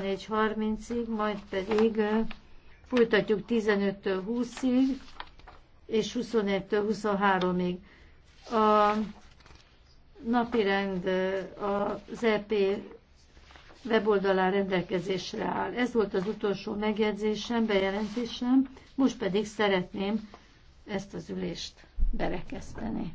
14.30-ig, majd pedig folytatjuk 15-től 20-ig, és 21-től 23-ig. A napirend az EP weboldalán rendelkezésre áll. Ez volt az utolsó megjegyzésem, bejelentésem, most pedig szeretném ezt az ülést berekeszteni.